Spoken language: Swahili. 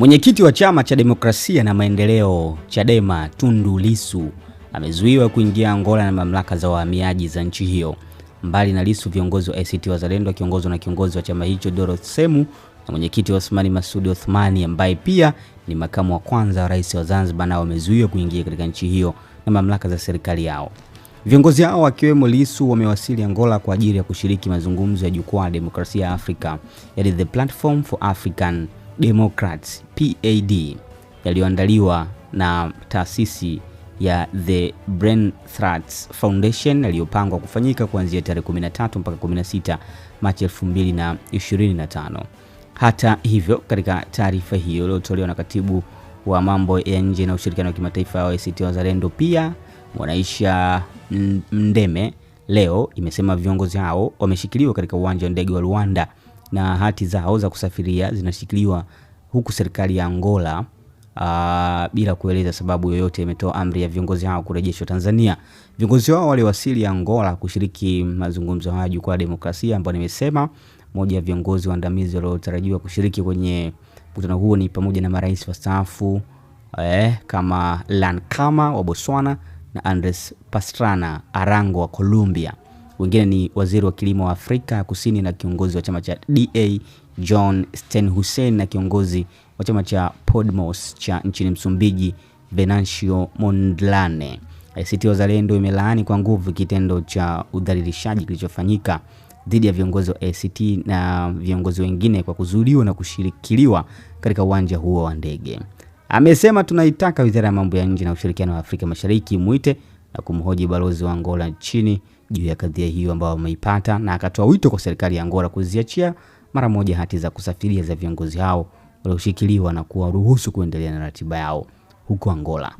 Mwenyekiti wa Chama cha Demokrasia na Maendeleo Chadema, Tundu Lissu amezuiwa kuingia Angola na mamlaka za wahamiaji za nchi hiyo. Mbali na Lissu, viongozi wa ACT Wazalendo wakiongozwa na kiongozi wa chama hicho Dorothy Semu na mwenyekiti wa Othmani Masudi Othmani ambaye pia ni makamu wa kwanza wa rais wa Zanzibar, nao wamezuiwa kuingia katika nchi hiyo na mamlaka za serikali yao. Viongozi hao wakiwemo Lissu wamewasili Angola kwa ajili ya kushiriki mazungumzo ya Jukwaa la Demokrasia ya Afrika, yani the Platform for African Democrats PAD yaliyoandaliwa na taasisi ya The Threats Foundation yaliyopangwa kufanyika kuanzia tarehe 13 mpaka 16 Machi 2025. Hata hivyo, katika taarifa hiyo iliyotolewa na katibu wa mambo ya nje na ushirikiano wa kimataifa wa ACT Wazalendo pia Mwanaisha Mndeme leo imesema viongozi hao wameshikiliwa katika uwanja wa ndege wa Luanda na hati zao za kusafiria zinashikiliwa huku serikali ya Angola Uh, bila kueleza sababu yoyote imetoa amri ya viongozi hao kurejeshwa Tanzania. Viongozi hao waliwasili Angola kushiriki mazungumzo haya jukwaa la demokrasia, ambayo nimesema moja ya viongozi waandamizi waliotarajiwa kushiriki kwenye mkutano huo ni pamoja na marais wastaafu eh, kama Lankama wa Botswana na Andres Pastrana Arango wa Colombia. Wengine ni waziri wa kilimo wa Afrika Kusini na kiongozi wa chama cha DA John Hussein na kiongozi wa chama cha Podmos cha nchini Msumbiji Venancio Mondlane. ACT Wazalendo imelaani kwa nguvu kitendo cha udhalilishaji kilichofanyika dhidi ya viongozi wa ACT na viongozi wengine kwa kuzuiliwa na kushirikiliwa katika uwanja huo wa ndege. Amesema tunaitaka Wizara ya Mambo ya Nje na Ushirikiano wa Afrika Mashariki muite na kumhoji balozi wa Angola nchini juu ya kadhia hiyo ambayo wameipata, na akatoa wito kwa serikali ya Angola kuziachia mara moja hati za kusafiria za viongozi hao walioshikiliwa na kuwaruhusu kuendelea na ratiba yao huko Angola.